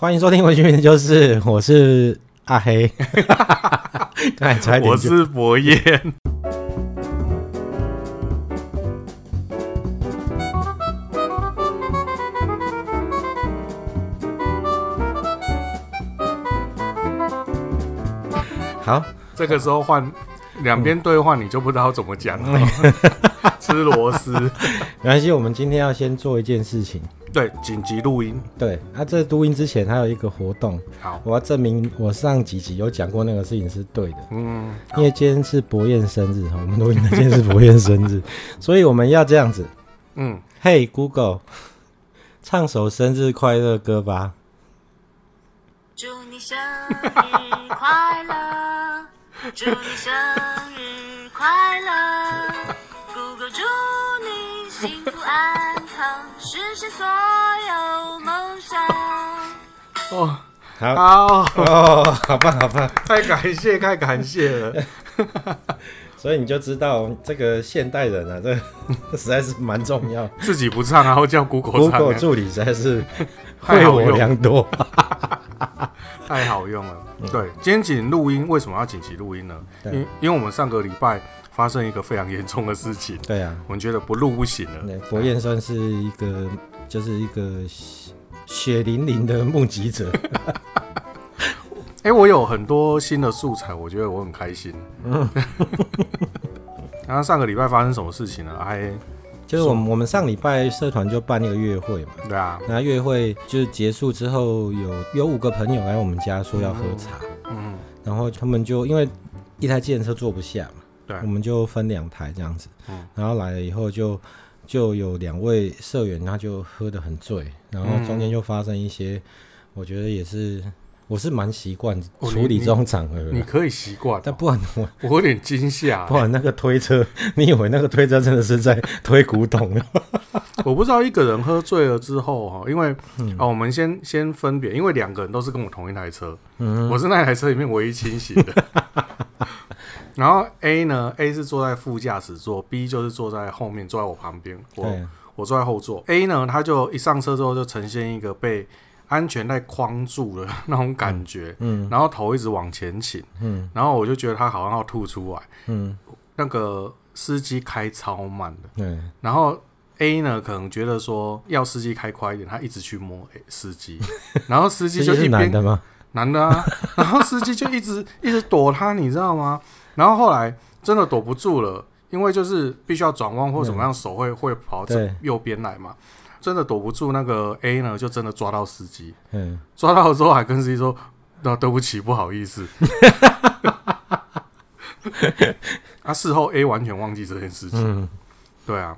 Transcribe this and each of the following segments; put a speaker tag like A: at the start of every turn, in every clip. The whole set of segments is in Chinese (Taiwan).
A: 歡迎收聽《文學就是》，我是阿黑，我是
B: 伯燕。好，這個時候換兩邊對話，你就不知道怎麼講了。 吃螺絲絲
A: 沒關係，我們今天要先做一件事情。
B: 對，緊急錄音。
A: 對，那、啊、這錄音之前還有一個活動。好，我要證明我上幾集有講過那個事情是對的。嗯，因為今天是博彥生日哈，我們錄音的今天是博彥生日， 所以我們要這樣子。嗯，嘿、hey,，Google，唱首生日快樂歌吧。
B: 祝你生日快樂， 祝你生日快樂 ，Google，祝你幸福安哦，哦、好、
A: 啊哦哦，好棒，好棒，
B: 太感謝，太
A: 感謝了。 所以你就知道這個現代人啊，這這個、實在是蠻
B: 重要。自己不唱、啊，然後叫谷歌唱，谷歌助理實在是害我良多。有 太好用了。嗯、對，緊急錄音，為什麼要緊急錄音呢？對因因為我們上個禮拜發生一個非常嚴重的事情。對啊，我們覺得不錄不行了。博彥
A: 算是一個，對就是一個血血淋淋的目擊
B: 者。哎、 欸，我有很多新的素材，我覺得我很開心。嗯哈哈、 啊、上個禮拜發生什麼事情呢、啊？哎。就是我們
A: 是我們上禮拜社團就辦那個月會嘛，對啊，那月會就是結束之後有有五個朋友來我們家說要喝茶，嗯，嗯然後他們就因為一台計程車坐不下嘛，對，我們就分兩台這樣子，嗯，然後來了以後就就有兩位社員他就喝得很醉，然後中間就發生一些，嗯、我覺得也是。我是蠻習慣處理這種場合，你
B: 可以習慣、喔，但不然我我有點驚嚇、欸。
A: 不然那個推車，你以為那個推車真的是在推古董？
B: 我不知道一個人喝醉了之後哈，因為啊、嗯哦，我們先先分別，因為兩個人都是跟我同一台車，嗯哼，我是那台車裡面唯一清醒的。 然後 A 呢，A 是坐在副駕駛座，B 就是坐在後面，坐在我旁邊，我、啊、我坐在後座。A 呢，他就一上車之後就呈現一個被。安全帶框住了那種感覺，嗯，嗯，然後頭一直往前傾，嗯，然後我就覺得他好像要吐出來，嗯，那個司機開超慢的，對，然後 A 呢可能覺得說要司機開快一點，他一直去摸司機，嗯、然後司機就一邊男的嗎？男的啊，然後司機就一直 一直躲他，你知道嗎？然後後來真的躲不住了，因為就是必須要轉彎或怎麼樣，對手會會跑到右邊來嘛。真的躲不住那個 A 呢，就真的抓到司機，嗯、抓到之後還跟司機說：“那、啊、對不起，不好意思。”他、 啊、事後 A 完全忘記這件事情。嗯、對啊，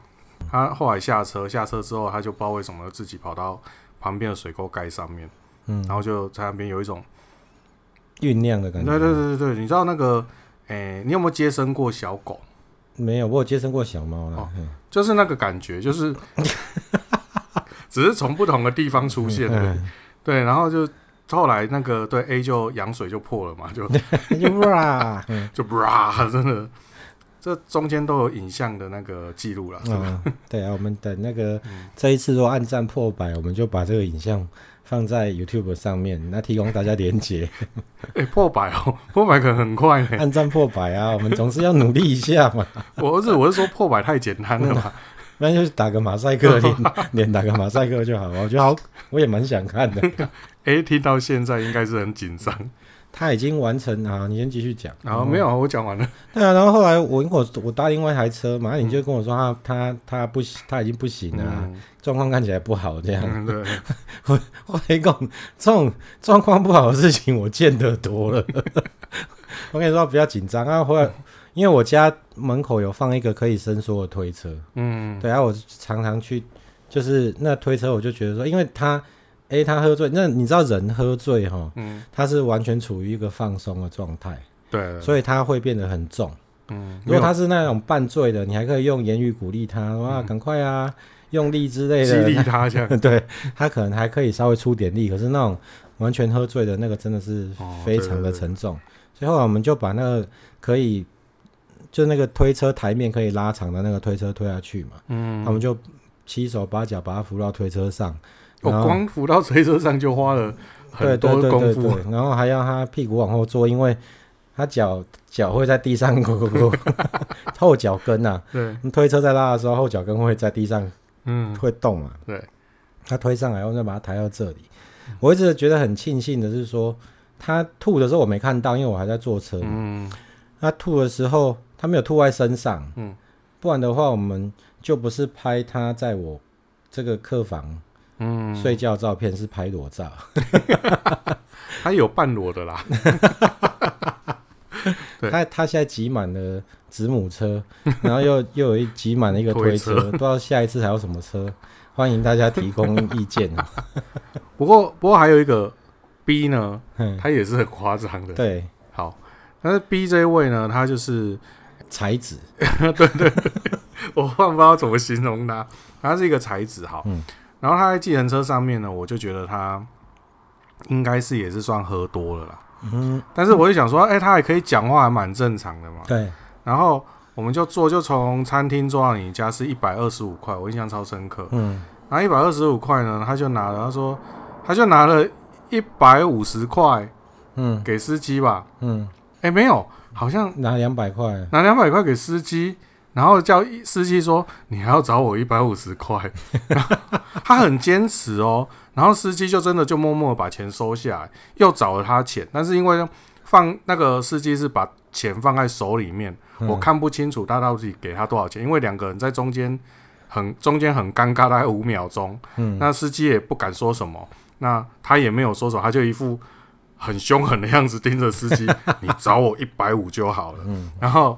B: 他後來下車，下車之後他就不知道為什麼自己跑到旁邊的水溝蓋上面，嗯，
A: 然後
B: 就在那邊有一種醞釀的感覺。對對對對，你知道那個哎、欸，你有沒有接生過小狗？沒有，我有接生過小貓啊，哦、嘿就是那個感覺，就是。 只是從不同的地方出現的，嗯嗯、對，然後就後來那個對 A 就羊水就破了嘛，就 就 bra，就 bra，真的，這中間都有影像的那個記錄了。嗯，
A: 嗎對啊，我們等那個、嗯、這一次如果按讚破百，我們就把這個影像放在 YouTube 上面，那提供大家連結。
B: 哎、欸 欸，破百哦、喔，破百可能很快呢。
A: 按讚破百啊， 我們總是要努力一下嘛。不是，我是說破百太簡單了嘛。 那就是打個馬賽克連，連打個馬賽克就好。 我覺得好，我也蠻想看的。哎、 欸，聽
B: 到現在應該是很緊張。
A: 他已經完成了啊，你先繼續講好、嗯、啊。沒有啊，我講完了。對啊，然後後來我我我搭另外一台車嘛，你就跟我說他他他不行，他已經不行了、啊，狀況、嗯、看起來不好這樣。嗯、對，我我一共這種狀況不好的事情我見得多了。 我跟你說比較緊張，不要緊張啊，後來。嗯因為我家門口有放一個可以伸縮的推車，嗯，對啊，我常常去，就是那推車，我就覺得說，因為他，誒、欸，他喝醉，那你知道人喝醉哈，嗯，他是完全處於一個放鬆的狀態，對、嗯，所以他會變得很重，嗯，如果他是那種半醉的，你還可以用言語鼓勵他，哇、嗯，趕、啊、快啊，用力之類的，激勵他這樣， 對他可能還可以稍微出點力，可是那種完全喝醉的那個真的是非常的沉重，所以、哦、後來我們就把那個可以。就那個推車台面可以拉長的那個推車推下去嘛，嗯，他們就七手八腳把他扶到推車上，我光
B: 扶到推車上就花了
A: 很多功夫，對對，對對對對，然後還要他屁股往後坐，因為他腳腳會在地上咕咕，哦、 後腳跟啊，對，你推車在拉的時候，後腳跟會在地上，嗯，會動嘛，對，他推上來，然後再把他抬到這裡，我一直覺得很慶幸的是說他吐的時候我沒看到，因為我還在坐車，嗯，他吐的時候。他沒有吐在身上，嗯，不然的話我們就不是拍他在我這個客房，嗯，睡覺照片，是拍裸照，嗯、 他有半裸的啦，
B: 對，他
A: 他現在擠滿了子母車，然後又又有一擠滿了一個推車，不知道下一次還有什麼車，歡迎大家提供意見。
B: 不過不過還有一個 B 呢，他也是很誇張的，對，好，但是 B 這一位呢，他就是。才子，材 對，對對，我忘不知道怎麼形容他，他是一個才子，好，嗯、然後他在計程車上面呢，我就覺得他應該是也是算喝多了啦，嗯，但是我就想說，哎、嗯欸，他還可以講話，還蠻正常的嘛，對，然後我們就坐就從餐廳坐到你家是一百二十五塊，我印象超深刻，嗯，
A: 然
B: 後一百二十五塊呢，他就拿了，他說他就拿了一百五十塊，嗯，給司機吧，嗯。嗯哎、欸，沒有，好像拿兩百塊，拿兩百塊給司機，然後叫司機說，你還要找我一百五十塊， 他很堅持哦，然後司機就真的就默默把錢收下來，又找了他錢，但是因為放那個司機是把錢放在手裡面，嗯、我看不清楚他到底給他多少錢，因為兩個人在中間很中間很尷尬，大概五秒鐘，嗯，那司機也不敢說什麼，那他也沒有說什麼，他就一副。很兇狠的樣子盯着司機， 你找我一百五就好了。嗯，然後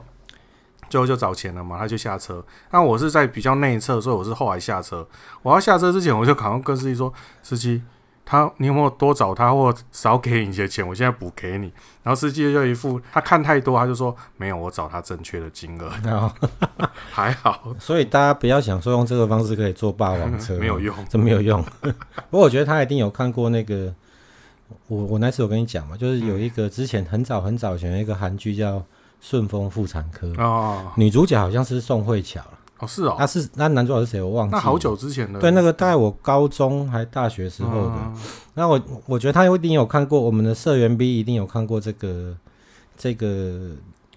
B: 最後就找錢了嘛，他就下車。那我是在比較內側，所以我是後來下車。我要下車之前，我就趕快跟司機說：“司機，他你有沒有多找他或少給你一些錢？我現在補給你。”然後司機就一副他看太多，他就說：“沒有，我找他正確的金額。”哦，然後還好，所以大家不要想說用這個方
A: 式可以坐霸王車， 沒有用，這沒有用。 不過我覺得他一定有看過那個。我我那次有跟你講嘛，就是有一個之前很早很早前一個韓劇叫《順風婦產科》哦，女主角好像是宋慧喬哦，是哦，那是那男主角是誰？我忘記了，那好久之前的，對，那個在我高中還大學時候的，嗯，那我我覺得他一定有看過，我們的社員 B 一定有看過這個這個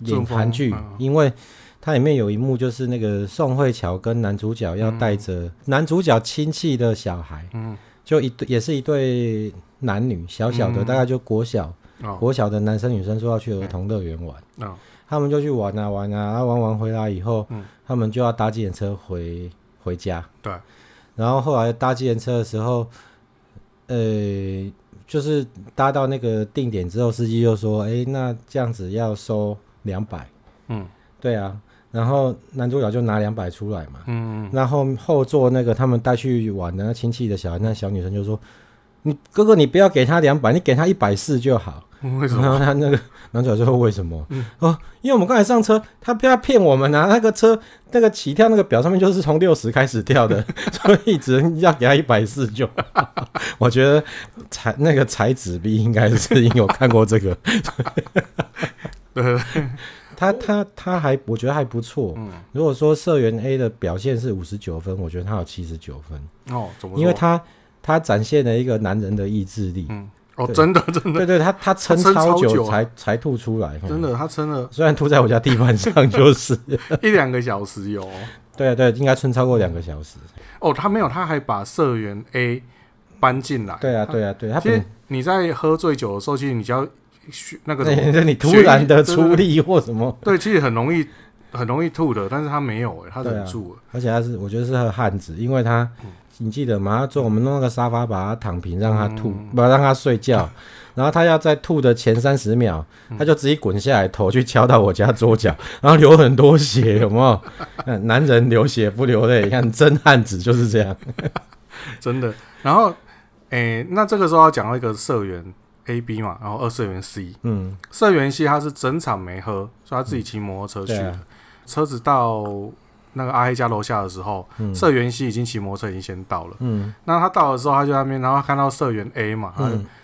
A: 演韓劇，嗯，因為它裡面有一幕就是那個宋慧喬跟男主角要帶着男主角親戚的小孩，嗯。嗯就一也是一對男女，小小的，嗯、大概就國小，哦、國小的男生女生說要去兒童樂園玩，哦、他們就去玩啊玩啊，然、啊、後玩完回來以後，嗯、他們就要搭計程車回回家。對，然後後來搭計程車的時候，呃，就是搭到那個定點之後，司機就說：“哎、欸，那這樣子要收兩百。”嗯，對啊。然後男主角就拿兩百出來嘛，嗯，然後後座那個他們帶去玩的那親戚的小孩，那小女生就說：“你哥哥，你不要給他兩百，你給他一百四就好。為什麼”然後他那個男主角就說：“為什麼？”嗯、哦，因為我們剛才上車，他不要騙我們啊！那個車那個起跳那個表上面就是從六十開始跳的， 所以只能要給他一百四就。我覺得彩那個彩紙幣應該是因為我看過這個。對。他他他還我覺得還不錯，嗯，如果說社員 A 的表現是五十九分，我覺得他有七十九分哦，因為他他展現了一個男人的意志力，嗯，哦，真的真的，對，對他他撐超久才才吐出來，真的他撐了，雖然吐在我家地板上，就是
B: 一兩個小時喲，
A: 對對，應該撐超過兩個小時，
B: 哦，他沒有，他還把社員 A 搬進來，對啊對啊對，他，其實你在喝醉酒的時候，其實你只要。那個，欸就是、你突然的出力或什麼，對，對，對，對，其實很容易很容易吐的，但是他沒有哎、欸，他忍住
A: 了、啊，而且他是，我覺得是個漢子，因為他，嗯、你記得嗎？他坐，我們弄那個沙發把他躺平，讓他吐，嗯、不讓他睡覺， 然後他要在吐的前三十秒，嗯、他就直接滾下來，頭去敲到我家桌角，然後流很多血，有沒有？ 男人流血不流淚，你看真漢子就是這樣，
B: 真的。然後，哎、欸，那這個時候要講到一個社員。A B 嘛，然後社員 C，嗯，社員 C 他是整場沒喝，所以他自己騎摩托車去的。嗯啊、車子到那個阿黑家樓下的時候，社員、嗯、C 已經騎摩托車已經先到了。嗯，那他到的時候，他就在那邊，然後他看到社員 A 嘛，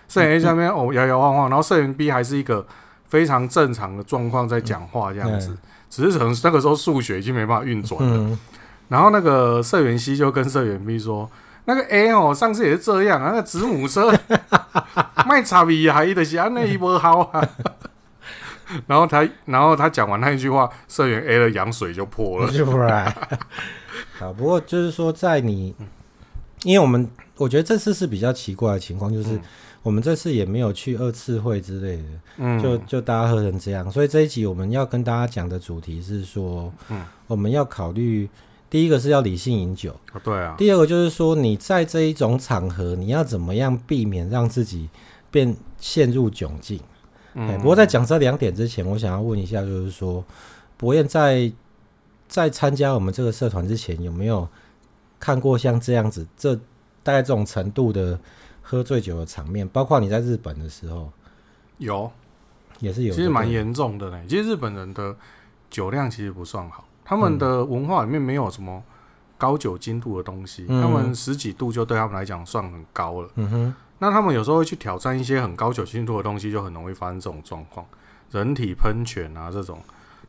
B: 社員、嗯、A 在那邊、嗯、哦搖搖晃晃，然後社員 B 還是一個非常正常的狀況在講話這樣子，嗯、只是可能那個時候數學已經沒辦法運轉了。嗯、然後那個社員 C 就跟社員 B 說。那個 A 哦，上次也是這樣，那個子母車賣差比還的下那一波好啊。 然後他，然後他講完那一句話，社員 A 的羊水就破了。就不 好，不過就是說，
A: 在你，因為我們我覺得這次是比較奇怪的情況，就是、嗯、我們這次也沒有去二次會之類的，嗯，就就大家喝成這樣。所以這一集我們要跟大家講的主題是說，嗯，我們要考慮。第一個是要理性飲酒啊、哦，對啊。第二個就是說你在這一種場合，你要怎麼樣避免讓自己變陷入窘境？嗯、欸。不過在講這兩點之前，我想要問一下，就是說、嗯、博彥在在參加我們這個社團之前，有沒有看過像這樣子這大概這種程度的喝醉酒的場面？包括你在日本的時候，
B: 有，也是有，其實蠻嚴重的呢。嗯、其實日本人的酒量其實不算好。他們的文化裡面沒有什麼高酒精度的東西，嗯、他們十幾度就對他們來講算很高了。嗯哼，那他們有時候會去挑戰一些很高酒精度的東西，就很容易發生這種狀況，人體噴泉啊這種。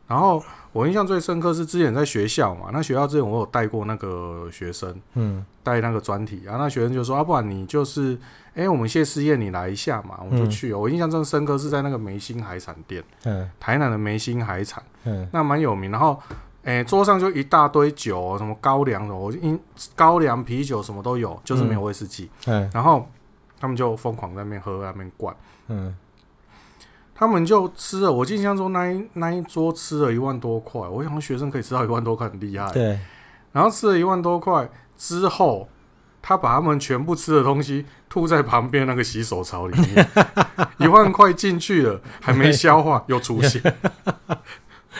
B: 然後我印象最深刻是之前在學校嘛，那學校之前我有帶過那個學生，嗯，帶那個專題，啊。那學生就說：“啊，不然你就是，哎、欸，我們謝師宴，你來一下嘛。”我們就去、喔，嗯、我印象最深刻是在那個梅心海產店，嗯，台南的梅心海產，嗯，那蠻有名，然後。欸、桌上就一大堆酒，什麼高粱什麼，我高粱啤酒什麼都有，就是沒有威士忌。嗯、然後、欸、他們就瘋狂在那邊喝，在那邊灌。嗯、他們就吃了，我印象中那一那一桌吃了一萬多塊，我想學生可以吃到一萬多塊很厲害。對，然後吃了一萬多塊之後，他把他們全部吃的東西吐在旁邊那個洗手槽裡面， 一萬塊進去了，還沒消化對又出現。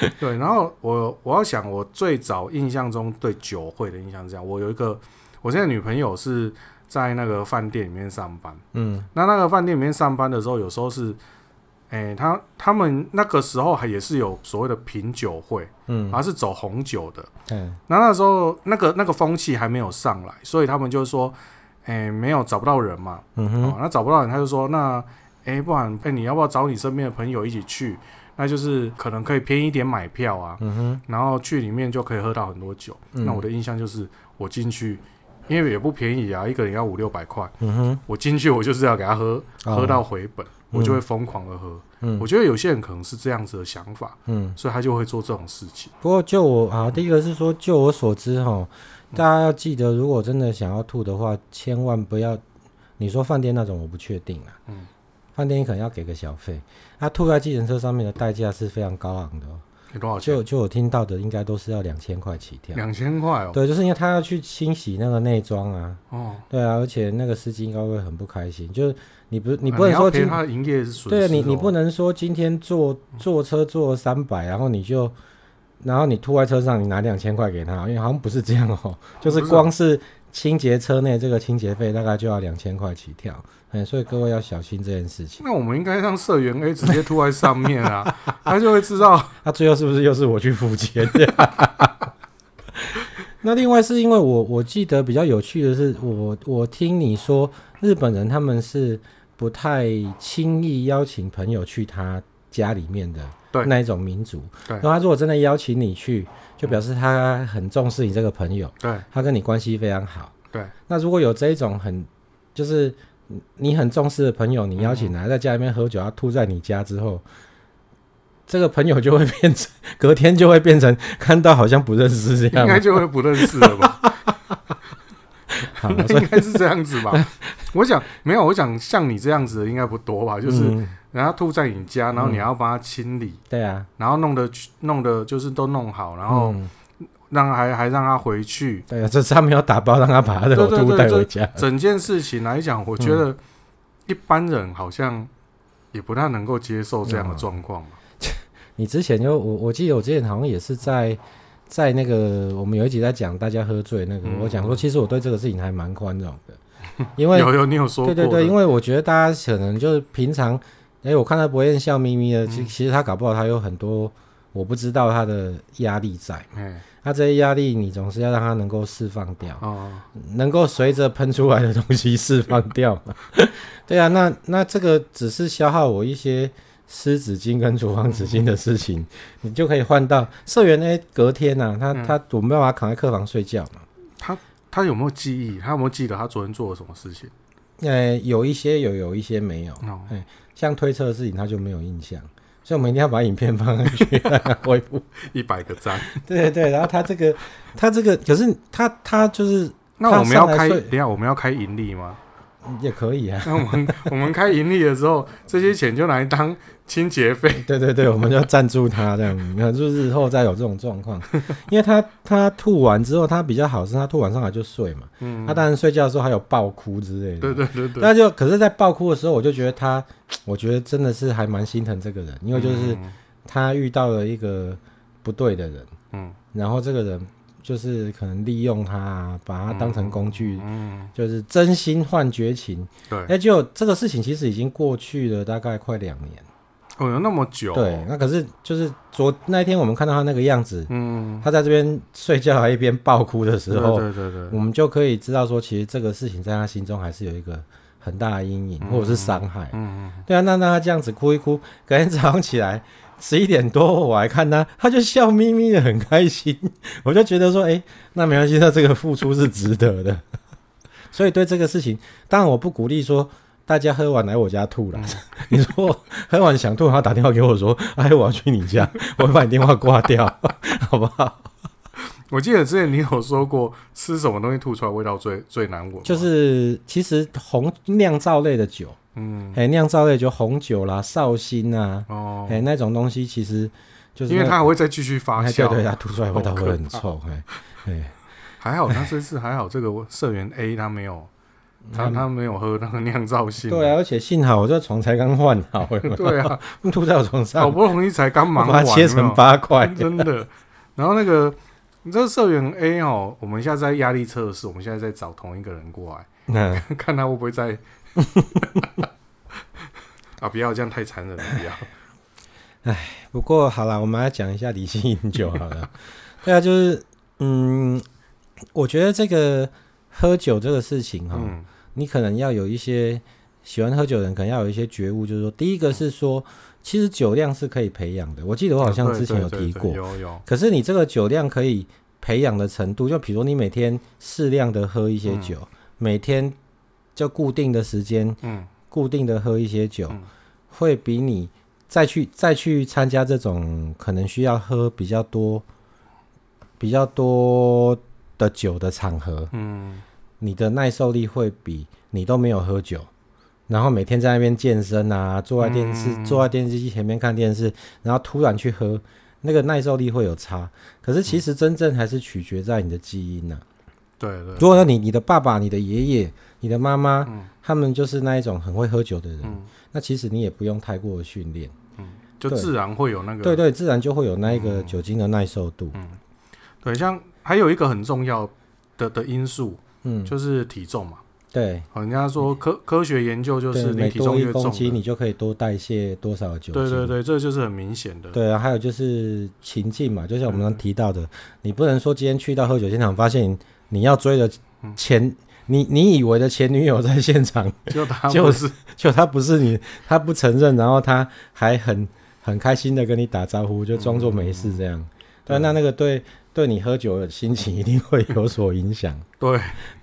B: 對，然後我我要想，我最早印象中對酒會的印象是這樣：我有一個，我現在女朋友是在那個飯店裡面上班，嗯，那那個飯店裡面上班的時候，有時候是，哎、欸，他他們那個時候還也是有所謂的品酒會，嗯，而是走紅酒的，嗯，那那時候那個那個風氣還沒有上來，所以他們就說，哎、欸，沒有找不到人嘛，嗯哼、哦，那找不到人，他就說那。哎，欸、不然哎，欸、你要不要找你身邊的朋友一起去？那就是可能可以便宜一點買票啊，嗯哼，然後去裡面就可以喝到很多酒。嗯、那我的印象就是，我進去因為也不便宜啊，一個人要五六百塊。嗯哼，我進去我就是要給他喝，哦、喝到回本，嗯、我就會瘋狂的喝。嗯，我覺得有些人可能是這樣子的想法，嗯，所以他就會做這種事情。
A: 不過就我啊，嗯、第一個是說，就我所知哈，大家要記得，如果真的想要吐的話，千萬不要。你說飯店那種，我不確定啊。嗯。飯店可能要給個小費，他、啊、吐在計程車上面的代價是非常高昂的，喔。給多少錢？就就我聽到的，應該都是要兩千塊起跳。兩千塊哦。對，就是因為他要去清洗那個內裝啊。哦。對啊，而且那個司機應該會很不開心，就是你不，你不能說今、呃、賠他營業是、哦、對啊，你你不能說今天坐坐車坐三百，然後你就然後你吐在車上，你拿兩千塊給他，因為好像不是這樣哦、喔。就是光是清潔車內這個清潔費，大概就要兩千塊起跳。欸、所以各位要小心這件事情。
B: 那我們應該讓社員可以直接吐在上面啊， 他就會知道。他、啊、最後是不是
A: 又是我去付錢？ 那另外是因為我我記得比較有趣的是我，我我聽你說日本人他們是不太輕易邀請朋友去他家裡面的那一種民族。那他如果真的邀請你去，就表示他很重視你這個朋友。對，他跟你關係非常好。對，那如果有這一種很就是。你很重視的朋友，你邀請他在家裡面喝酒，他吐在你家之後，這個朋友就會變成隔天就會變成看到好像不認識這樣，應該就會不認識了吧？
B: 應該是這樣子吧？ 我想沒有，我想像你這樣子的應該不多吧？就是人家、嗯、吐在你家，然後你要幫他清理，嗯、對啊，然後弄得弄得就是都弄好，然後。嗯讓還還讓他回去，對呀、啊。這
A: 他沒有打包，讓他把他的老都帶回家。
B: 整件事情來講， 我覺得一般人好像也不太能夠接受這樣的狀況、嗯、
A: 你之前就我我記得我之前好像也是在在那個我們有一集在講大家喝醉那個，嗯嗯我講說其實我對這個事情還蠻寬容的，因為 有有你有說過對對對，因為我覺得大家可能就是平常，哎、欸，我看到博彥笑眯眯的，其、嗯、其實他搞不好他有很多我不知道他的壓力在。嗯他這些壓力，你總是要讓他能夠釋放掉，哦哦能夠隨着噴出來的東西釋放掉。 對啊，那那這個只是消耗我一些濕紙巾跟廚房紙巾的事情，哦、你就可以換到社員 A 隔天吶、啊，他、嗯、他，他有沒有辦法躺在客房睡覺嘛。
B: 他他有沒有記憶？他有沒有記得他昨天做了什麼事情？誒、呃，有一些有，有一些沒有。誒、
A: 哦欸，像推車的事情，他就沒有印象。所以我們一定要把影片放上去，回復
B: 一百個讚 讚。
A: 對對對，然後他這個， 他這個，可是他他就是，那我們要開，
B: 等下我們要開盈利嗎、嗯？也可以啊，那我們我們開盈利的時候， 這些錢就來當。清潔費，對對對，我們就要
A: 贊助他這樣子，可能就是日後再有這種狀況，因為他他吐完之後，他比較好是，他吐完上來就睡嘛，嗯嗯，他當然睡覺的時候還有爆哭之類的，對對對、對但，那就可是，在爆哭的時候，我就覺得他，我覺得真的是還蠻心疼這個人，因為就是他遇到了一個不對的人，嗯、嗯，然後這個人就是可能利用他，把他當成工具，嗯、嗯，就是真心換絕情，對，哎，就這個事情其實已經過去了大概快兩年。
B: 哦，有那麼久、哦？對，
A: 那可是就是昨那一天，我們看到他那個樣子，嗯，他在這邊睡覺還一邊爆哭的時候，對,對對對，我們就可以知道說，其實這個事情在他心中還是有一個很大的陰影、嗯、或者是傷害，嗯嗯，嗯對啊，那那他這樣子哭一哭，隔天早上起來十一點多我還看他，他就笑眯眯的很開心， 我就覺得說，哎、欸，那沒關係，他這個付出是值得的， 所以對這個事情，當然我不鼓勵說。大家喝完來我家吐啦、嗯、 你說喝完想吐，然後打電話給我說：“哎、啊，我要去你家，我會把你電話掛掉， 好不
B: 好？”我記得之前你有說過，吃什麼東西吐出來味道最最難聞？就是
A: 其實紅釀造類的酒，嗯、欸，哎，釀造類就紅酒啦、紹興啊，哦，哎，那種東西其實就是因為它還會再繼續發酵，嗯、對，對，對，它吐出來味道會很臭。還
B: 好，他這次還好，這個社員 A 他沒有。他他沒有喝那個釀造性，嗯，對、啊，而且幸好我這個床才
A: 剛換好有沒有，對啊，吐在我床上，好不容易才剛忙完有沒有，我把它切成八塊，真
B: 的。然後那個你知道社員 A 哦，我們現在在壓力測試，我們現在在找同一個人過來，嗯、看他會不會再， 啊，不要這樣太殘忍了，不要。
A: 唉，不過好了，我們來講一下理性飲酒好了， 對啊，就是嗯，我覺得這個喝酒這個事情哈。嗯你可能要有一些喜歡喝酒的人，可能要有一些覺悟，就是說，第一個是說，其實酒量是可以培養的。我記得我好像之前有提過，可是你這個酒量可以培養的程度，就比如你每天適量的喝一些酒，每天就固定的時間，固定的喝一些酒，會比你再去再去參加這種可能需要喝比較多，比較多的酒的場合，嗯。你的耐受力會比你都沒有喝酒，然後每天在那邊健身啊，坐在電視、嗯、坐在電視機前面看電視，然後突然去喝，那個耐受力會有差。可是其實真正還是取決在你的基因呢、啊嗯。對對。如果說你你的爸爸、你的爺爺、嗯、你的媽媽，嗯、他們就是那一種很會喝酒的人，嗯、那其實你也不用太過的訓練、嗯，就自然會有那個對。對對，自然就會有那一個酒精的耐受度。嗯，嗯，
B: 對，像還有一個很重要的的因素。嗯，就是體重嘛，對，人家說科、嗯、科學研究就是你體重越重，每多一公斤你
A: 就可以多代謝多少的酒精。對對
B: 對，這就是很明顯的。
A: 對啊，還有就是情境嘛，就像我們剛提到的，嗯、你不能說今天去到喝酒現場，發現你，你要追的前，嗯、你你以為的前女友在現場，就她 就是就她不是你，她不承認，然後她還很很開心的跟你打招呼，就裝作沒事這樣。嗯嗯嗯嗯對，那那個對對你喝酒的心情一定會有所影響。
B: 對，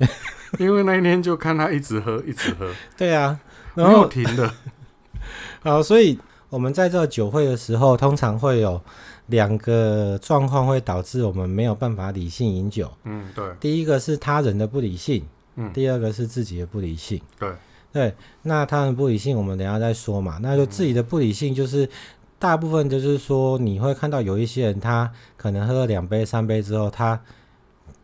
B: 因為那一天就看他一直喝，一直喝。對啊，然後
A: 沒有停的。 好。所以我們在這酒會的時候，通常會有兩個狀況會導致我們沒有辦法理性飲酒。嗯，對。第一個是他人的不理性，嗯、第二個是自己的不理性。對，對，那他人不理性，我們等下再說嘛。那就、個、自己的不理性，就是。大部分就是說，你會看到有一些人，他可能喝了兩杯三杯之後他，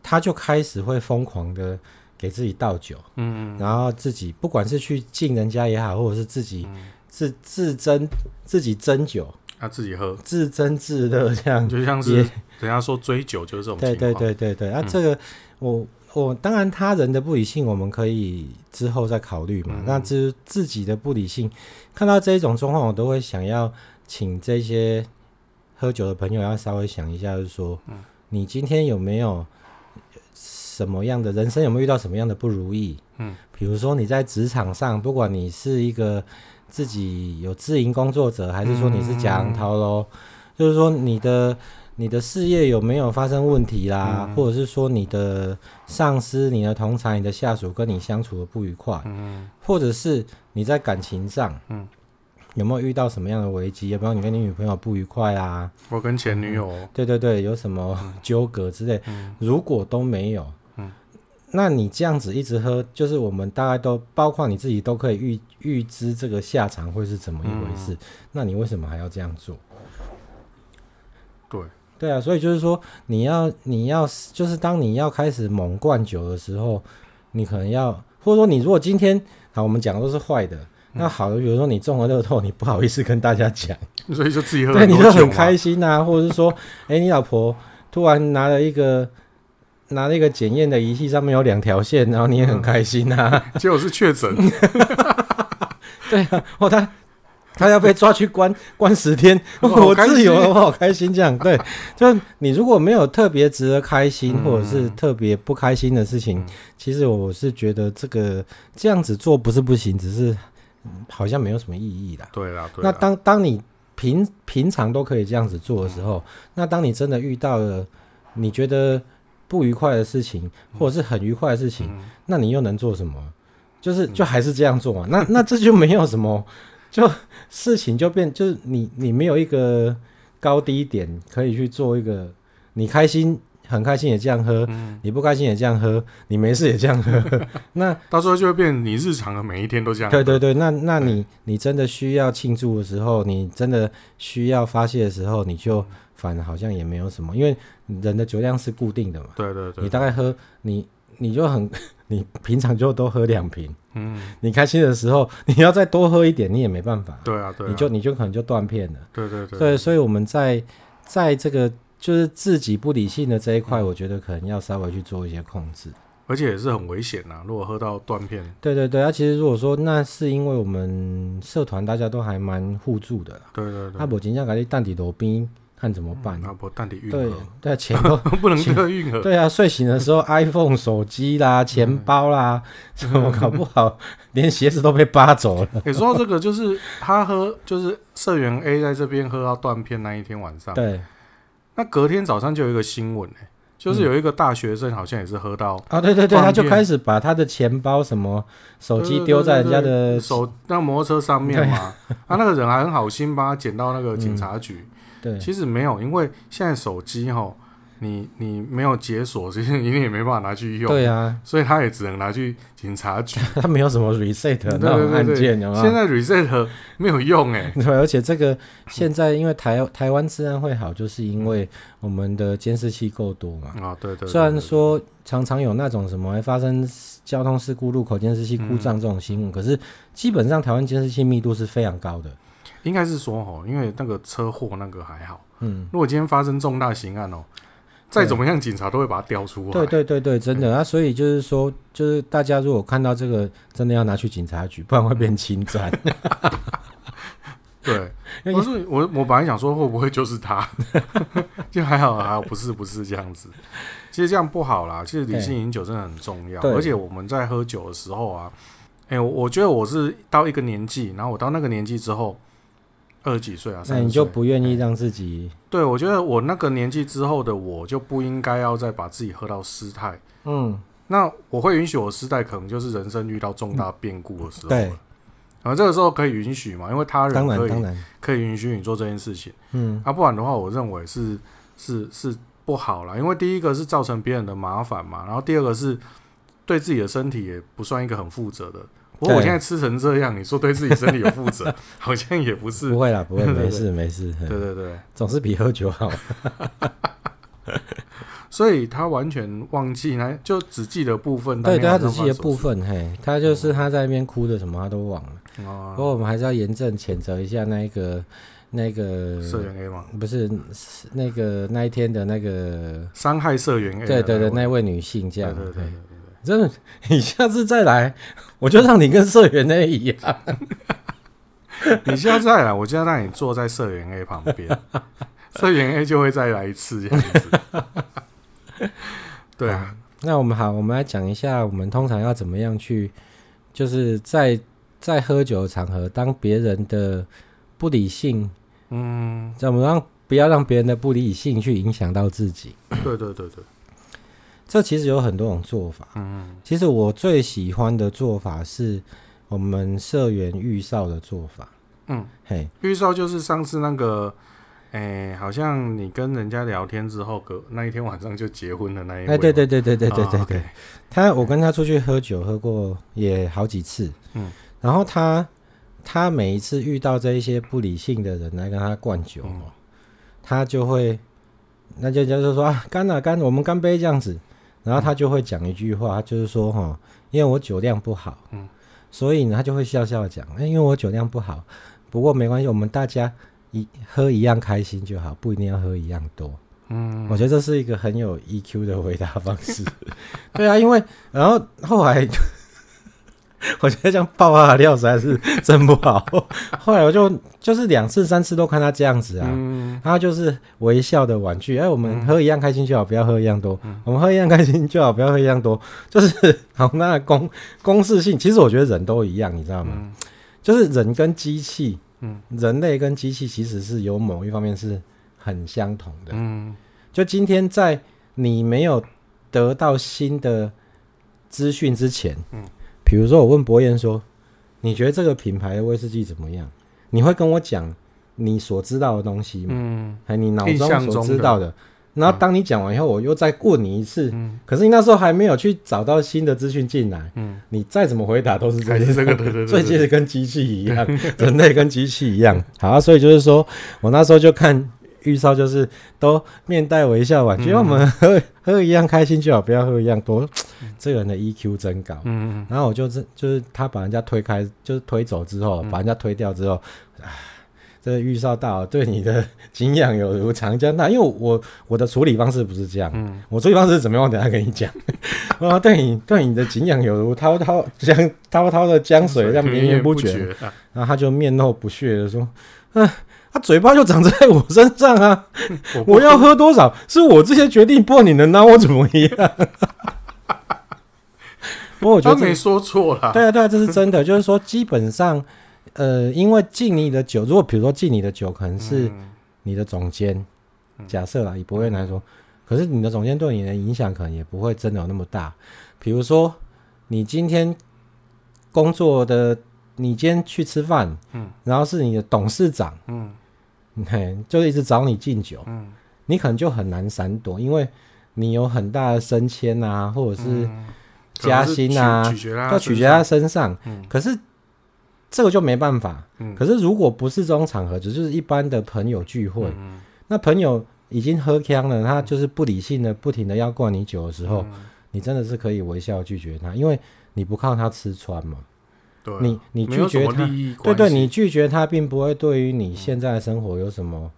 A: 他他就開始會瘋狂的給自己倒酒，嗯，嗯，然後自己不管是去敬人家也好，或者是自己、嗯、
B: 自自斟自己斟酒，他、啊、自己喝
A: 自斟自樂這樣，就像是也人
B: 家說追酒就是這種情況，對對對對對。那、嗯啊、這
A: 個我我當然他人的不理性，我們可以之後再考慮嘛。嗯嗯，那自自己的不理性，看到這一種狀況，我都會想要。請這些喝酒的朋友要稍微想一下，就是說，你今天有沒有什麼樣的人生，有沒有遇到什麼樣的不如意？嗯，比如說你在職場上，不管你是一個自己有自營工作者，還是說你是蔣濤嘍，就是說你的你的事業有沒有發生問題啦，或者是說你的上司、你的同儕、你的下屬跟你相處的不愉快，嗯，或者是你在感情上嗯，嗯。嗯嗯有沒有遇到什麼樣的危機？有沒有你跟你女朋友不愉快啊。我跟前女友、嗯，對對對，有什麼糾葛之類？嗯、如果都沒有，嗯，那你這樣子一直喝，就是我們大概都包括你自己都可以預預知這個下場會是怎麼一回事。嗯、那你為什麼還要這樣做？對對啊，所以就是說，你要你要就是當你要開始猛灌酒的時候，你可能要或者說你如果今天好，我們講的都是壞的。那好，比如說你中了樂透，你不好意思跟大家講，所以就自己喝、啊。對，你就很開心吶、啊， 或者是說，哎、欸，你老婆突然拿了一個拿了一個檢驗的儀器，上面有兩條線，然後你也很開心吶、啊嗯，結果是確診。 對啊，哦，他他要被抓去關 關十天，我自由了，我好， 我好開心這樣。對，就你如果沒有特別值得開心 或者是特別不開心的事情，嗯、其實我是覺得這個這樣子做不是不行，只是。好像沒有什麼意
B: 義的。對啊，那
A: 當當你平平常都可以這樣子做的時候，嗯、那當你真的遇到了你覺得不愉快的事情，嗯、或者是很愉快的事情，嗯、那你又能做什麼？就是就還是這樣做嘛、啊？嗯、那那這就沒有什麼，就事情就變，就是你你沒有一個高低點可以去做一個你開心。很開心也這樣喝，你不開心也這樣喝，你沒事也這樣
B: 喝，那到時候就會變你日常的每一天都這樣。對對
A: 對，那那你你真的需要慶祝的時候，你真的需要發洩的時候，你就反而好像也沒有什麼，因為人的酒量是固定的嘛。對對對。你大概喝，你你就很，你平常就多喝兩瓶。嗯。你開心的時候，你要再多喝一點，你也沒辦
B: 法。對啊對。你就
A: 你就可能就斷片
B: 了。對對對。對，
A: 所以我們在在這個。就是自己不理性的這一塊，我覺得可能要稍微去做一些控制，
B: 嗯、而且也是很危險吶、啊。如果喝到斷片，
A: 對對對，他、啊、其實如果說那是因為我們社團大家都還蠻互助的，對對對。阿伯今天可能淡底羅賓，看怎麼辦？阿伯淡底
B: 運河，對對、啊，錢都 不能輕喝運河。對啊，
A: 睡醒的時候 ，iPhone 手機啦，錢包啦，怎 麼搞不好連鞋子都被扒走了？你、 欸、說
B: 到這個就是他喝，就是社員 A 在這邊喝到斷片那一天晚上， 對。那隔天早上就有一個新聞、欸、就是有一個大學生好像也是喝到、嗯、啊，對對對，他就開始
A: 把他的錢包什麼手機丟在人家的對對對
B: 對對手那摩托車上面嘛。他對、啊啊、那個人還很好心幫他 撿到那個警察局。嗯、對，其實沒有，因為現在手機哈。你你沒有解鎖，所以你也沒辦法拿去用。對呀、啊，所以他也只能拿去警察局。他沒有
A: 什麼 reset、嗯、那種按鍵你知道嗎？
B: 現在 reset 沒有用哎、
A: 欸。對，而且這個現在因為台台灣治安會好，就是因為我們的監視器夠多嘛、
B: 嗯。啊，對對、對、對、對。雖
A: 然說常常有那種什麼發生交通事故，路口監視器故障這種新聞，嗯、可是基本上台灣監視器密度是非常
B: 高的。應該是說哦，因為那個車禍那個還好。嗯。如果今天發生重大刑案哦、喔。再怎麼樣，警察都會把它叼出來。對
A: 對對對，真的、嗯、啊！所以就是說，就是大家如果看到這個，真的要拿去警察局，不然會變侵佔。對，因
B: 為 不是我，我本來想說會不會就是他，因為 就還好啊，不是不是這樣子。其實這樣不好啦，其實理性飲酒真的很重要。欸、對 而且我們在喝酒的時候啊，哎、欸，我覺得我是到一個年紀，然後我到那個年紀之後。二十幾歲啊，三十歲，那你就
A: 不願意讓自己、欸？
B: 對，我覺得我那個年紀之後的我，就不應該要再把自己喝到失態。嗯，那我會允許我失態，可能就是人生遇到重大變故的時候、嗯。對，然後、啊、這個時候可以允許嘛？因為他人可以可以允許你做這件事情。嗯，啊，不然的話，我認為是是是不好了，因為第一個是造成別人的麻煩嘛，然後第二個是對自己的身體也不算一個很負責的。不過我現在吃成這樣，你說對自己身體有負責，好像也不是。不會啦，不會，沒事，沒事。對對對，總是比喝酒好。所以他完全忘記，來就只記得部分。對，他只記得部分，嘿，
A: 他就是他在那邊哭的什麼，他都忘了。哦。不過我們還是要嚴正譴責一下那一個、那個社員 A 嘛，不是那個那一天的那個傷害社員 A。對對對，那位女性這樣。對對對對，真的，你下
B: 次再來。我就讓你跟社員 A 一樣， 你現在來，我就讓你坐在社員 A 旁邊， 社員 A 就會再來一次這樣子 對。對啊，
A: 那我們好，我們來講一下，我們通常要怎麼樣去，就是在在喝酒的場合，當別人的不理性，嗯，怎麼樣不要讓別人的不理性去影響到自己？
B: 對對對對。
A: 這其實有很多種做法。嗯嗯，其實我最喜歡的做法是，我們社員預兆的做法。嗯，
B: 嘿，預兆就是上次那個，哎，好像你跟人家聊天之後，隔那一天晚上就結婚的那一位。哎，對對對對對對對對，哦、
A: okay 他我跟他出去喝酒喝過也好幾次。嗯，然後他他每一次遇到這一些不理性的人來跟他灌酒，嗯、他就會那人家就說啊乾了、啊、乾我們乾杯這樣子。然後他就會講一句話，就是說，哈，因為我酒量不好，
B: 嗯，
A: 所以呢，他就會笑笑地講，因為我酒量不好，不過沒關係，我們大家一喝一樣開心就好，不一定要喝一樣多，嗯，我覺得這是一個很有 EQ 的回答方式， 對啊，因為然後後來。我覺得這樣爆發的料實在是真不好。 後來我就就是兩次三次都看他這樣子啊，嗯、他就是微笑的玩具。嗯、哎，我們喝一樣開心就好，不要喝一樣多。嗯、我們喝一樣開心就好，不要喝一樣多。嗯、就是好，那個、公公式性，其實我覺得人都一樣，你知道嗎？嗯、就是人跟機器，嗯、人類跟機器其實是有某一方面是很相同的。嗯，就今天在你沒有得到新的資訊之前，嗯。比如說，我問博彥說：“你覺得這個品牌的威士忌怎麼樣？”你會跟我講你所知道的東西嗎？嗯，還你腦中所知道的。的然後當你講完以後，我又再問你一次。嗯。可是你那時候還沒有去找到新的資訊進來。嗯。你再怎麼回答都是，是這個，這個最近的跟機器一樣，對對對對，人類跟機器一樣。好、啊，所以就是說我那時候就看玉少，就是都面帶微笑吧，嗯、覺得我們。喝一樣開心就好，不要喝一樣多。這個人的 EQ 真高。嗯嗯。然後我就是，就是他把人家推開，就是推走之後，嗯、把人家推掉之後，唉這預、個、少到對你的敬仰有如長江大，因為我我的處理方式不是這樣。嗯。我處理方式怎麼樣？我等下跟你講。我、嗯、 對你，你對你的敬仰有如滔滔， 像滔滔的江水這樣綿綿不絕。不絕啊、然後他就面露不屑的說：“他、啊、嘴巴就長在我身上啊，我不！ 我要喝多少是我這些決定，不過你能拿我怎麼樣？不過我覺得你沒說錯了。對啊，對啊，這是真的。 就是說，基本上，呃，因為敬你的酒，如果比如說敬你的酒，可能是你的總監，假設啦，也不會來說，可是你的總監對你的影響可能也不會真的有那麼大。比如說，你今天工作的。你今天去吃飯，嗯，然後是你的董事長，嗯，你看就一直找你敬酒，嗯，你可能就很難閃躲，因為你有很大的升遷啊，或者是加薪啊，都取，取，取決他身上。嗯、可是這個就沒辦法。嗯、可是如果不是這種場合，只是一般的朋友聚會，嗯、那朋友已經喝嗆了，他就是不理性的，不停的要灌你酒的時候，嗯、你真的是可以微笑拒絕他，因為你不靠他吃穿嘛。對你你拒絕他，對對，你拒絕他，並不會對於你現在的生活有什麼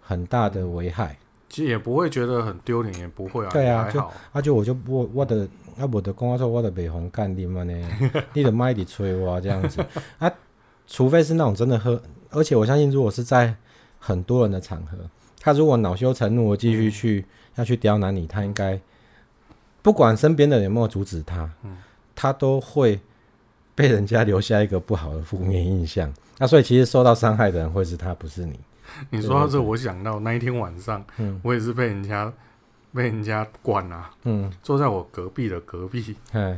A: 很大的危害，
B: 其實、嗯、也不會覺得很丟臉，也不會啊。對啊，就
A: 而且、啊、我就不我的，我的公關說我的北紅乾的嘛呢？你的麥地催我這樣子 啊？除非是那種真的喝，而且我相信，如果是在很多人的場合，他如果惱羞成怒，繼續去、嗯、要去刁難你，他應該不管身邊的人有沒有阻止他，嗯、他都會。被人家留下一個不好的負面印象，那所以其實受到傷害的人會是他，不是你。
B: 你說到這，我想到那一天晚上，我也是被人家被人家灌啊，嗯，坐在我隔壁的隔壁，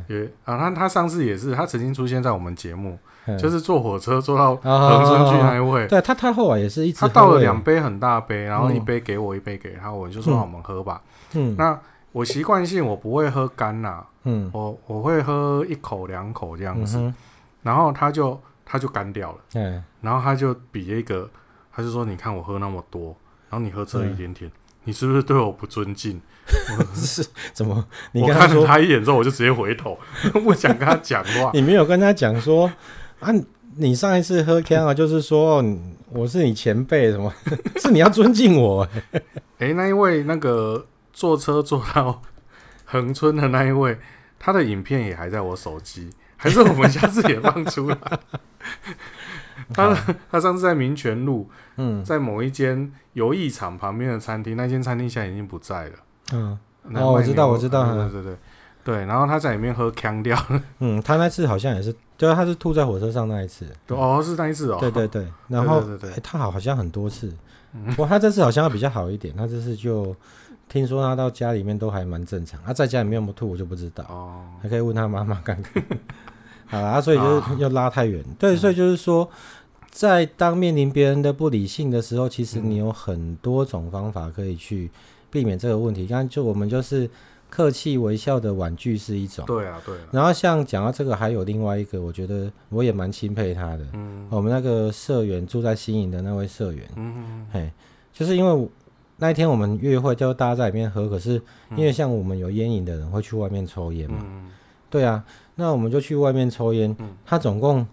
B: 也啊，他他上次也是，他曾經出現在我們節目，就是坐火車坐到橫山去開會。對他他後
A: 來也是一直，他倒了兩杯很大
B: 杯，然後一杯給我，一杯給他，我就說我們喝吧，嗯，那我習慣性我不會喝乾啦。嗯，我我會喝一口兩口這樣子，嗯、哼然後他就他就乾掉了，嗯，然後他就比一個，他就說，你看我喝那麼多，然後你喝這一點點，對你是不是對我不尊敬？ 是怎麼？你剛剛我看了他一眼之後，我就直接回頭， 不想跟他講話。 你
A: 沒有跟他講說啊，你上一次喝 c a 就是說
B: 我是你前輩，什麼？
A: 是你要尊敬我？
B: 哎、 欸，那一位那個坐車坐到恆春的那一位。他的影片也還在我手機，還是我們下次也放出來？他他上次在民權路，嗯，在某一間遊藝場旁邊的餐廳，那間餐廳現在已經不在
A: 了。嗯，哦，我知道，我知道，對
B: 對對對，然後他在裡面喝鏘掉。嗯，
A: 他那次好像也是，就是他是吐在火車上那一次。哦，是那一次哦。對對對，然後對對他好好像很多次，不過他這次好像要比較好一點，他這次就。聽說他到家裡面都還蠻正常，他、啊、在家裡面有沒有吐我就不知道哦，oh. 還可以問他媽媽看看。好啦、 啊。所以就是又拉太遠，oh. 對，所以就是說，在當面臨別人的不理性的時候，其實你有很多種方法可以去避免這個問題。剛剛、嗯、就我們就是客氣微笑的婉拒是一種，對啊對啊。然後像講到這個，還有另外一個，我覺得我也蠻欽佩他的。嗯，我們那個社員住在新營的那位社員，嗯嗯哼，嘿，就是因為。那一天我們約會就大家在裡面喝，可是因為像我們有菸癮的人會去外面抽菸嘛，嗯、對啊，那我們就去外面抽菸。嗯、他總共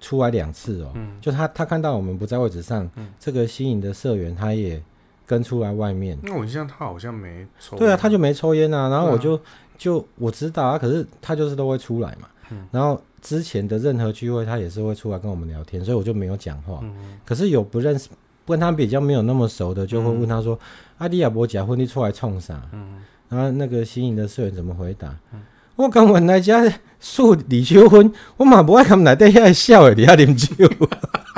A: 出來兩次哦，嗯、就他他看到我們不在位置上，嗯、這個新穎的社員他也跟出來外面。嗯、那我印
B: 象他好像沒抽菸，對啊，他就
A: 沒抽菸啊。然後我就、嗯、就我知道啊，可是他就是都會出來嘛。嗯、然後之前的任何聚會他也是會出來跟我們聊天，所以我就沒有講話。嗯、可是有不認識。問他比較沒有那麼熟的，就會問他說：“阿迪亞伯假婚你出來衝啥？”嗯，然後、啊、那個新穎的社員怎麼回答？嗯、我剛問那家樹你結婚，我媽不愛看奶爹下來笑哎，你還啉酒？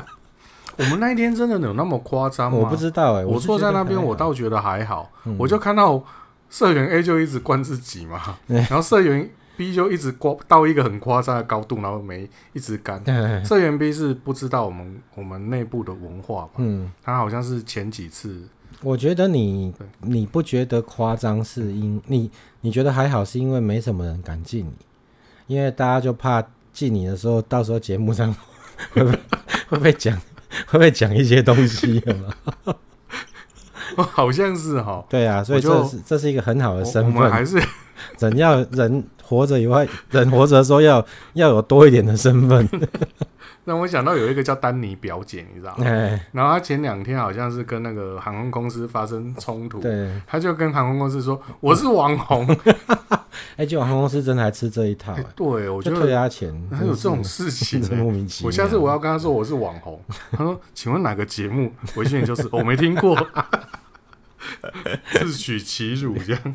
B: 我們那一天真的有那麼誇張嗎？我不知道、欸、我，我坐在那邊我倒覺得還好，嗯、我就看到社員 A 就一直灌自己嘛，欸、然後社員。B 就一直誇到一個很誇張的高度，然後沒一直幹。對對對。社員 B 是不知道我們我們內部的文化吧？嗯，他好像是前幾次。
A: 我覺得你對你不覺得誇張是因你，你覺得還好是因為沒什麼人敢進你，因為大家就怕進你的時候，到時候節目上會不
B: 會 會不會
A: 講會不會講一些東西有沒
B: 有？ 好像是哈，
A: 喔，對啊，所以這是就這是一個很好的身份，還是？人要人活着以外，人活着說要要有多一點的身份。
B: 讓 我想到有一個叫丹尼表姐，你知道嗎？欸、然後他前兩天好像是跟那個航空公司發生衝突，對欸、他就跟航空公司說、嗯、我是網紅，
A: 哎、欸，這航空公司真的還吃這一
B: 套、欸欸？對，我覺得就退他錢。還有這種事情、欸，莫名其妙。我下次我要跟他說我是網紅，嗯、他說請問哪個節目？回信就是 我沒聽過。 自取其辱，這樣，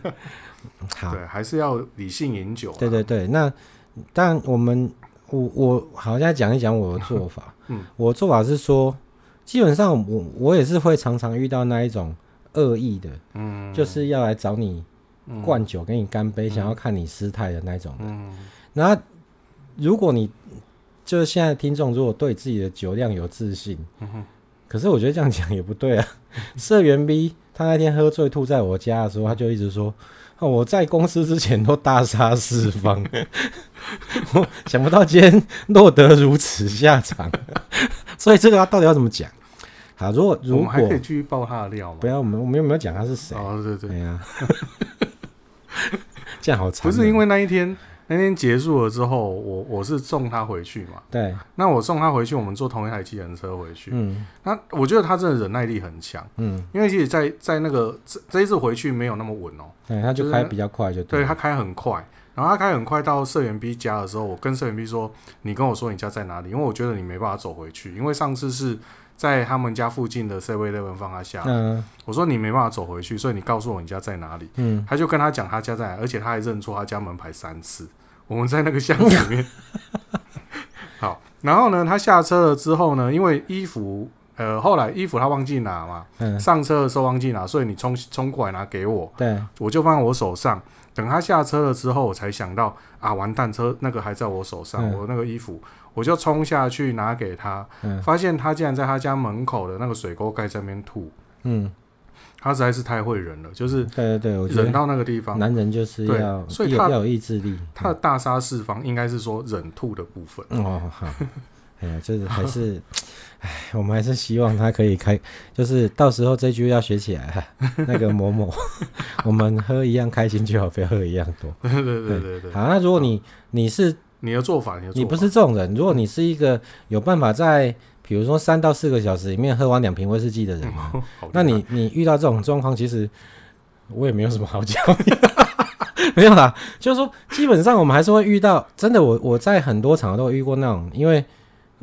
B: 好 對，還是要理性飲酒、啊。對對對，那
A: 但我們我我好像講一講我的做法。嗯，我做法是說，基本上我我也是會常常遇到那一種惡意的，嗯，就是要來找你灌酒、嗯、給你乾杯，想要看你失態的那種的，嗯，那如果你就是現在聽眾，如果對自己的酒量有自信，嗯哼，可是我覺得這樣講也不對啊。社員、嗯、哼 B。他那天喝醉吐在我家的時候，他就一直說：“我在公司之前都大殺四方， 我想不到今天落得如此下場。”所以這個他到底要怎麼講？好，如果如果我們還可以
B: 去爆他的料嗎？不要，我們我們又沒有講他是誰，哦？對對對，呀， 這樣好慘！不是因為那一天。那天結束了之後，我我是送他回去嘛？對。那我送他回去，我們坐同一台計程車回去。嗯。那我覺得他真的忍耐力很強。嗯。因為其實在，在在那個這這一次回去沒有那麼穩哦、喔。對、欸，他就開比較快就對、就是。對他開很快，然後他開很快到社員 B 家的時候，我跟社員 B 說：“你跟我說你家在哪裡？因為我覺得你沒辦法走回去，因為上次是在他們家附近的 seven eleven 放他下來。嗯。我說你沒辦法走回去，所以你告訴我你家在哪裡。嗯。他就跟他講他家在，哪裡，而且他還認錯他家門牌三次。我們在那個箱子裡面， 好。然後呢，他下車了之後呢，因為衣服，呃，後來衣服他忘記拿嘛，嗯、上車的時候忘記拿，所以你衝衝過來拿給我，對，我就放在我手上。等他下車了之後，我才想到啊，完蛋，車那個還在我手上，嗯、我那個衣服，我就衝下去拿給他，嗯、發現他竟然在他家門口的那個水溝蓋這邊吐，嗯。他實在是太會忍了，就是對對對，忍到那個地方，男人就是要，所以他要有意志力。他的大殺四方應該是說忍吐的部分。哦，好，
A: 哎呀，就是還是，哎，我們還是希望他可以開，就是到時候這句要學起來。那個某某，我們喝一樣開心就好，不要喝一樣多。對對對對，好。那如果你你是你的做法，你你不是這種人，如果你是一個有辦法在。比如說三到四個小時裡面喝完兩瓶威士忌的人，啊，嗯、那你你遇到這種狀況，其實我也沒有什麼好講。 沒有啦。就是說，基本上我們還是會遇到。真的我，我我在很多場合都遇過那種，因為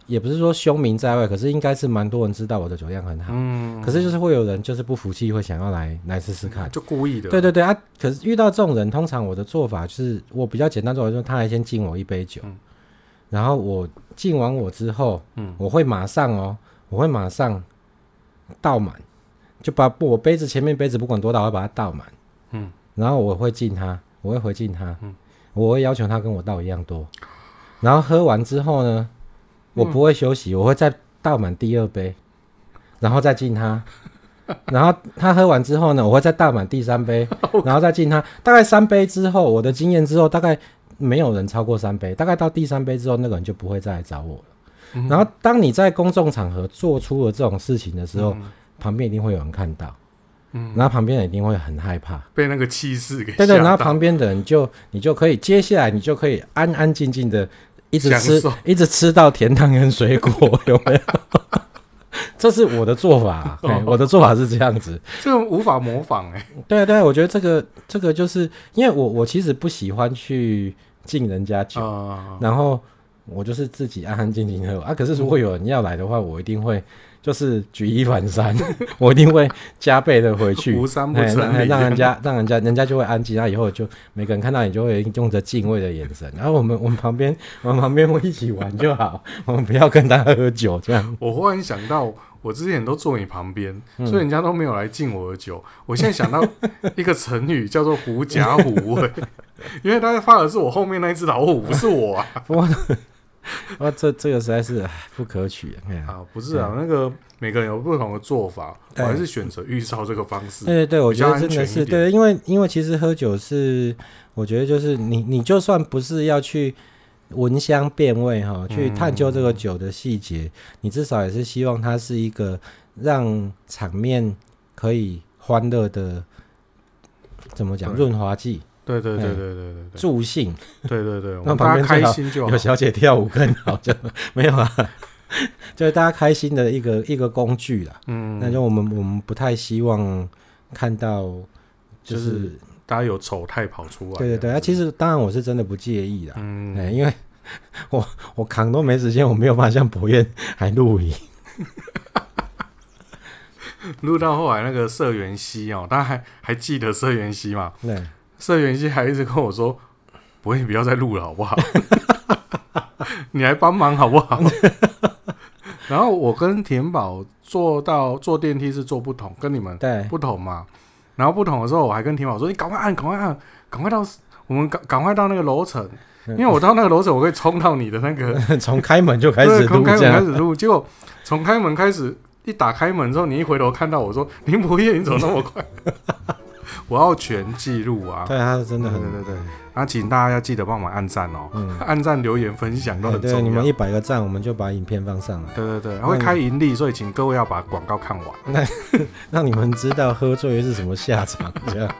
A: 也不是說凶名在外，可是應該是蠻多人知道我的酒量很好。
B: 嗯。可是
A: 就是會有人就是不服氣，會想要來來試試看，
B: 就故意的。對對對
A: 啊！可是遇到這種人，通常我的做法，就是我比較簡單做法，就是他還先敬我一杯酒。嗯然後我敬完我之後，嗯、我會馬上哦，我會馬上倒滿，就把我杯子前面杯子不管多大，我會把它倒滿。嗯，然後我會敬他，我會回敬他，嗯、我會要求他跟我倒一樣多。然後喝完之後呢，我不會休息，嗯、我會再倒滿第二杯，然後再敬他。然後他喝完之後呢，我會再倒滿第三杯，然後再敬他。Okay. 大概三杯之後，我的經驗之後大概。沒有人超過三杯，大概到第三杯之後，那個人就不會再來找我了。嗯、然後，當你在公眾場合做出了這種事情的時候，嗯、旁邊一定會有人看到，嗯、然後旁邊人一定會很害怕，
B: 被那個氣勢給嚇到。對對，然後旁
A: 邊的人就，你就可以接下來，你就可以安安靜靜的一直吃，受一直吃到甜湯跟水果，有沒有？ 這是我的做法、哦，我的做法是這樣子，
B: 這種無法模仿誒、欸，
A: 對啊，對啊，我覺得這個這個就是因為我我其實不喜歡去。敬人家酒，oh, oh, oh, oh. 然後我就是自己安安靜靜喝啊。可是如果有人要來的話，我，我一定會。就是舉一反三， 我一定會加倍的回去， 無三不成禮欸、讓讓人家讓人家人家就會安靜，那以後就每個人看到你就會用着敬畏的眼神。然後我們我們旁邊我們旁邊會一起玩就好， 我們不要跟他喝酒。這樣，
B: 我忽然想到，我之前都坐你旁邊， 所以人家都沒有來敬我的酒。嗯、我現在想到一個成語叫做狐假虎威， 因為大家發的是我後面那隻老虎，不是我、啊。 我 啊，這這個實在是不可取啊，啊，啊！不是啊，嗯、那個每個人有不同的做法，我還是選擇預燒這個方式。欸、對對對，我覺得真的是對，因
A: 為因為其實喝酒是，我覺得就是你你就算不是要去聞香辨味哈，去探究這個酒的細節，嗯、你至少也是希望它是一個讓場面可以歡樂的，怎麼講潤對滑劑。對對對對對對、欸，助興性。對對對，讓 旁邊大家開心就好。有小姐跳舞更好就，就 沒有啊？ 就是大家開心的一個一個工具啦。嗯，那就我們我們不太希望看到、
B: 就是，就是大家有醜態跑出來。對對
A: 對，啊、其實當然我是真的不介意的。嗯、欸，因為我我扛都沒時間，我沒有辦法像博彥還錄影，
B: 錄 到後來那個社員戲哦，大家還還記得社員戲嘛？對。社員機還一直跟我說：“伯你不要再錄了，好不好？ 你來幫忙好不好？” 然後我跟田寶坐到坐電梯是坐不同，跟你們不同嘛。對然後不同的時候，我還跟田寶說：“你、欸、趕快按，趕快按，趕快到我們趕趕快到那個樓層， 因為我到那個樓層，我可以衝到你的那個。從 開門就開始錄，從 開門開始錄。這樣 結果從開門開始，一打開門之後，你一回頭看到我說：“林博業，你怎麼那麼快？” 我要全記錄啊！對，啊，真的很，嗯、對對對。然、啊、請大家要記得幫忙按讚哦，嗯、按讚、留言、分享都很重要。對對對，你們一
A: 百個讚，我們就把影片放上來。
B: 對對對，還會開盈利，你所以請各位要把廣告看完，
A: 讓讓你們知道喝醉是什麼下場。 這樣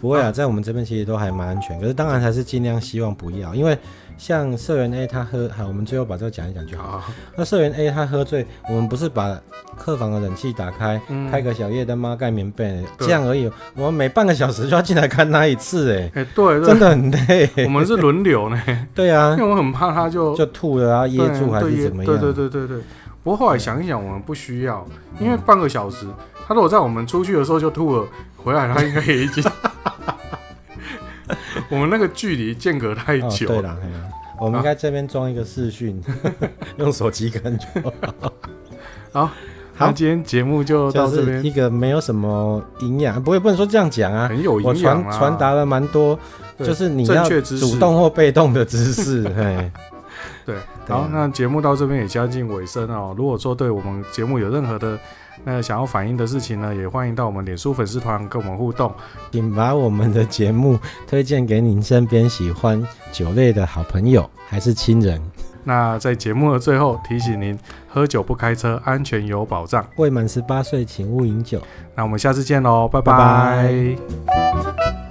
A: 不會啊，在我們這邊其實都還蠻安全，可是當然還是盡量希望不要，因為。像社員 A 他喝好，我們最後把這個講一講就好。好啊、那社員 A 他喝醉，我們不是把客房的冷氣打開，嗯、開個小夜燈嗎？蓋棉被、欸，對這樣而已。我們每半個小時就要進來看他一次，哎，哎，對、對、對，真的很累、欸。我們是輪流
B: 呢、欸。 對啊，因為我很怕他就就吐了啊，噎住還是怎麼樣？對對對對對。不過後來想一想，我們不需要，對因為半個小時，他如果在我們出去的時候就吐了，回來他應該也已經。 我們那個距離間隔太久了，哦、對了，我們應該
A: 這邊裝一個視訊，啊、 用手機跟就好， 好。那今天節目就到這邊，就是、一個沒有什麼營養，不會不
B: 能說這樣講啊，很有營養、啊，我傳傳達了蠻多，對就是你要主動
A: 或被動的知識，
B: 嘿對， 對。好，對那節目到這邊也將近尾聲哦。如果說對我們節目有任何的那想要反映的事情呢，也歡迎到我們臉書粉絲團跟我們互動，請把
A: 我們的節目推薦給您身邊喜歡酒類的好朋友，還是親人。
B: 那在節目的最後提醒您：喝酒不開車，安全有保障。未滿十八歲，請勿飲酒。那我們下次見嘍，拜拜。拜拜。